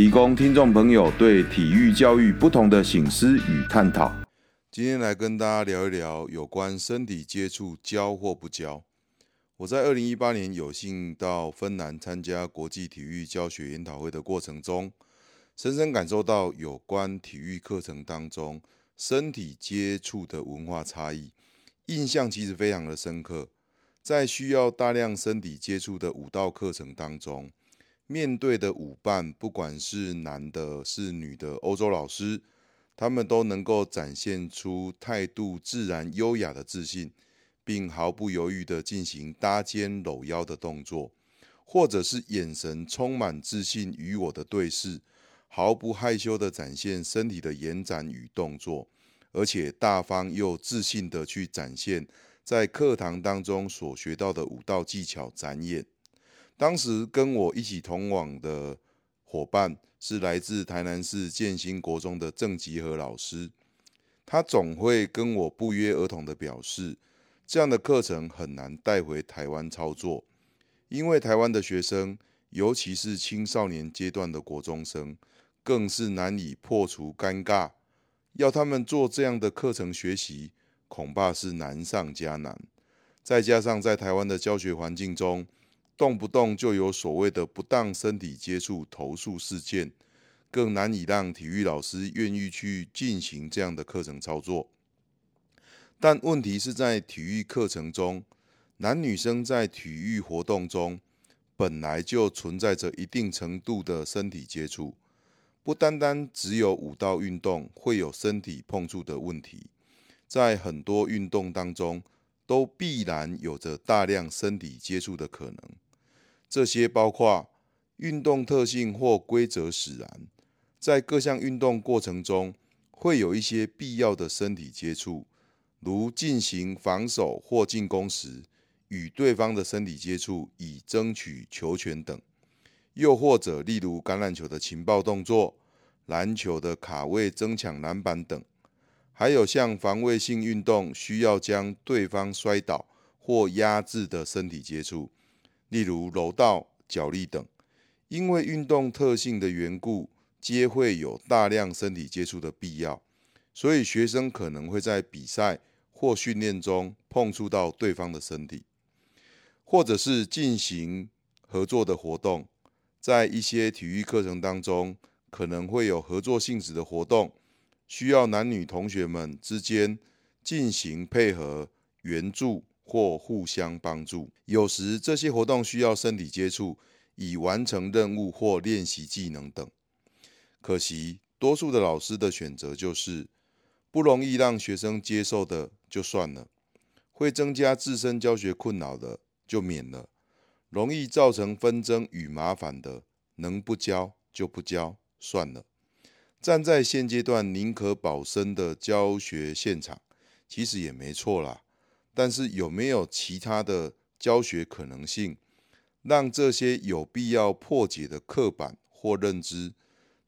提供聽眾朋友對體育教育不同的省思與探討。今天來跟大家聊一聊有關身體接觸教或不教。我在二零一八年有幸到芬蘭參加國際體育教學研討會的過程中，深深感受到有關體育課程當中身體接觸的文化差異，印象其實非常的深刻。在需要大量身體接觸的武道課程當中，面對的舞伴，不管是男的、是女的，歐洲老師，他們都能夠展現出態度自然、優雅的自信，並毫不猶豫地進行搭肩摟腰的動作，或者是眼神充滿自信與我的對視，毫不害羞地展現身體的延展與動作，而且大方又自信地去展現在課堂當中所學到的舞蹈技巧展演。當時跟我一起同往的伙伴是來自台南市建興國中的鄭吉和老師，他總會跟我不約而同的表示，這樣的課程很難帶回台灣操作，因為台灣的學生，尤其是青少年階段的國中生，更是難以破除尷尬，要他們做這樣的課程學習，恐怕是難上加難。再加上在台灣的教學環境中。動不動就有所謂的不當身體接觸投訴事件，更難以讓體育老師願意去進行這樣的課程操作。但問題是在體育課程中，男女生在體育活動中本來就存在着一定程度的身體接觸，不單單只有武道運動會有身體碰觸的問題，在很多運動當中都必然有着大量身體接觸的可能。這些包括運動特性或規則使然，在各項運動過程中會有一些必要的身體接觸，如進行防守或進攻時與對方的身體接觸，以爭取球權等；又或者例如橄欖球的情報動作、籃球的卡位爭搶籃板等，還有像防衛性運動需要將對方摔倒或壓制的身體接觸。例如柔道、角力等，因為運動特性的緣故，皆會有大量身體接觸的必要，所以學生可能會在比賽或訓練中碰觸到對方的身體，或者是進行合作的活動。在一些體育課程當中，可能會有合作性質的活動，需要男女同學們之間進行配合、援助，或互相幫助，有時這些活動需要身體接觸，以完成任務或練習技能等。可惜，多數的老師的選擇就是不容易讓學生接受的就算了，會增加自身教學困擾的就免了，容易造成紛爭與麻煩的能不教就不教算了。站在現階段寧可保身的教學現場，其實也沒錯啦。但是有沒有其他的教學可能性，讓這些有必要破解的刻板或認知，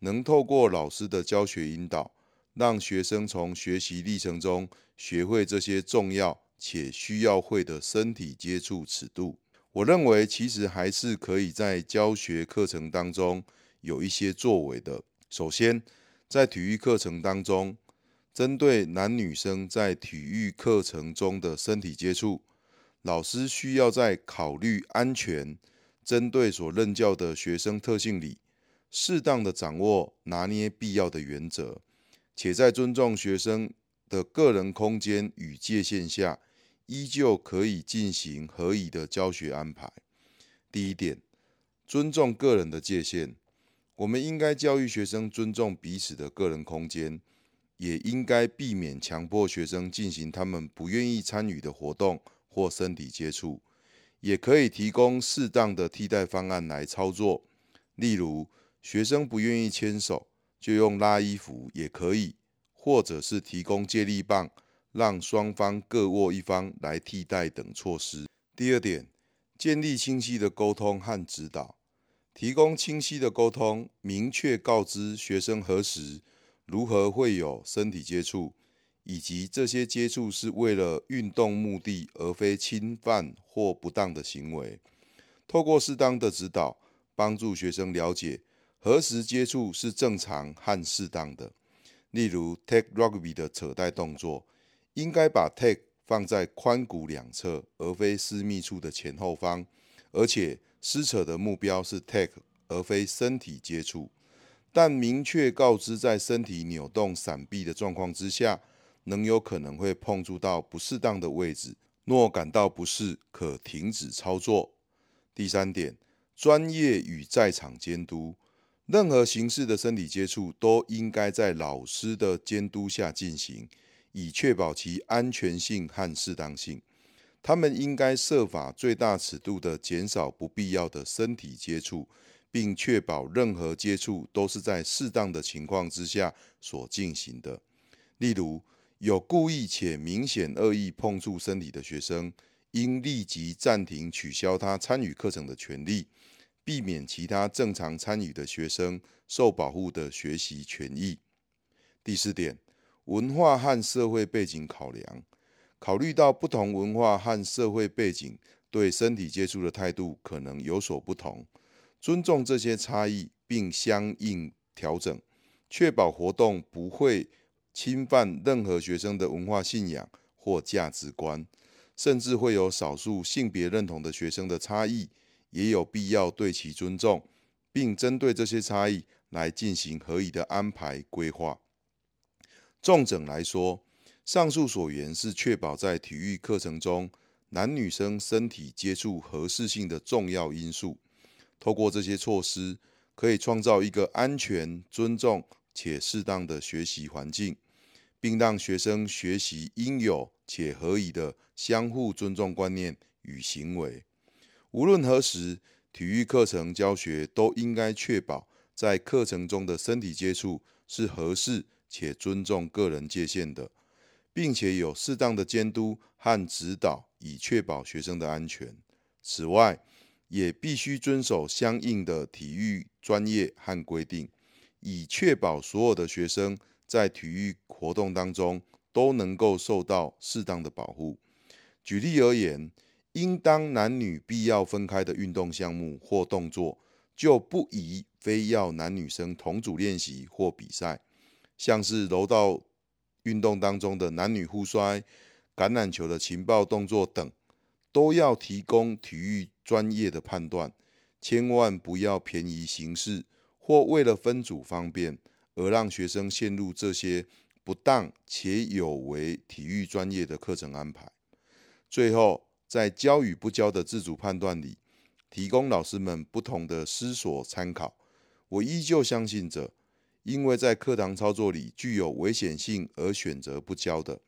能透過老師的教學引導，讓學生從學習歷程中學會這些重要且需要會的身體接觸尺度？我認為其實還是可以在教學課程當中有一些作為的。首先，在體育課程當中。針對男女生在體育課程中的身體接觸，老師需要在考慮安全、針對所任教的學生特性裡，適當的掌握拿捏必要的原則，且在尊重學生的個人空間與界限下，依舊可以進行合理的教學安排。第一點，尊重個人的界限，我們應該教育學生尊重彼此的個人空間。也應該避免強迫學生進行他們不願意參與的活動或身體接觸，也可以提供適當的替代方案來操作，例如學生不願意牽手，就用拉衣服也可以，或者是提供接力棒，讓雙方各握一方來替代等措施。第二點，建立清晰的溝通和指導，提供清晰的溝通，明確告知學生何時，如何會有身體接觸，以及這些接觸是為了運動目的而非侵犯或不當的行為。透過適當的指導，幫助學生了解何時接觸是正常和適當的。例如 tag rugby 的扯帶動作，應該把 tag 放在髖骨兩側而非私密處的前後方，而且撕扯的目標是 tag 而非身體接觸。但明確告知，在身體扭動、閃避的狀況之下，能有可能會碰觸到不適當的位置。若感到不適，可停止操作。第三點，專業與在場監督，任何形式的身體接觸都應該在老師的監督下進行，以確保其安全性和適當性。他們應該設法最大尺度地減少不必要的身體接觸。並確保任何接觸都是在適當的情況之下所進行的。例如，有故意且明顯惡意碰觸身體的學生，應立即暫停取消他參與課程的權利，避免其他正常參與的學生受保護的學習權益。第四點，文化和社會背景考量。考慮到不同文化和社會背景對身體接觸的態度可能有所不同。尊重這些差異，並相應調整，確保活動不會侵犯任何學生的文化信仰或價值觀。甚至會有少數性別認同的學生的差異，也有必要對其尊重，並針對這些差異來進行合理的安排規劃。綜整來說，上述所言是確保在體育課程中，男女生身體接觸合適性的重要因素。透過這些措施，可以創造一個安全、尊重且適當的學習環境，並讓學生學習應有且合宜的相互尊重觀念與行為。無論何時，體育課程教學都應該確保在課程中的身體接觸是合適且尊重個人界限的，並且有適當的監督和指導，以確保學生的安全。此外，也必須遵守相應的體育專業和規定，以確保所有的學生在體育活動當中都能夠受到適當的保護。舉例而言，應當男女必要分開的運動項目或動作，就不宜非要男女生同組練習或比賽。像是柔道運動當中的男女互摔、橄欖球的情報動作等，都要提供體育。專業的判斷，千萬不要便宜行事，或為了分組方便而讓學生陷入這些不當且有違體育專業的課程安排。最後，在教與不教的自主判斷裡，提供老師們不同的思索參考。我依舊相信着，因為在課堂操作裡具有危險性而選擇不教的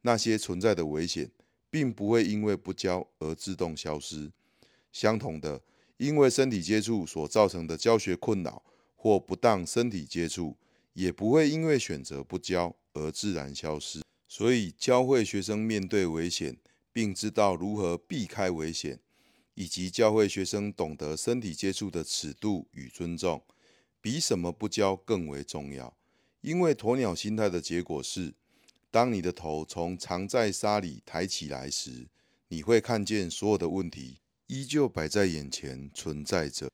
那些存在的危險，並不會因為不教而自動消失。相同的，因為身體接觸所造成的教學困擾或不當身體接觸，也不會因為選擇不教而自然消失。所以，教會學生面對危險，並知道如何避開危險，以及教會學生懂得身體接觸的尺度與尊重，比什麼不教更為重要。因為鴕鳥心態的結果是，當你的頭從藏在沙裡抬起來時，你會看見所有的問題依舊擺在眼前，存在着。